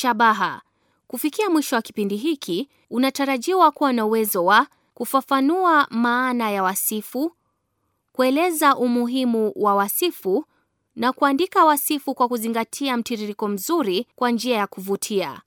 Shabaha. Kufikia mwisho wa kipindi hiki, unatarajiwa kuwa na uwezo wa kufafanua maana ya wasifu, kueleza umuhimu wa wasifu na kuandika wasifu kwa kuzingatia mtiririko mzuri kwa njia ya kuvutia.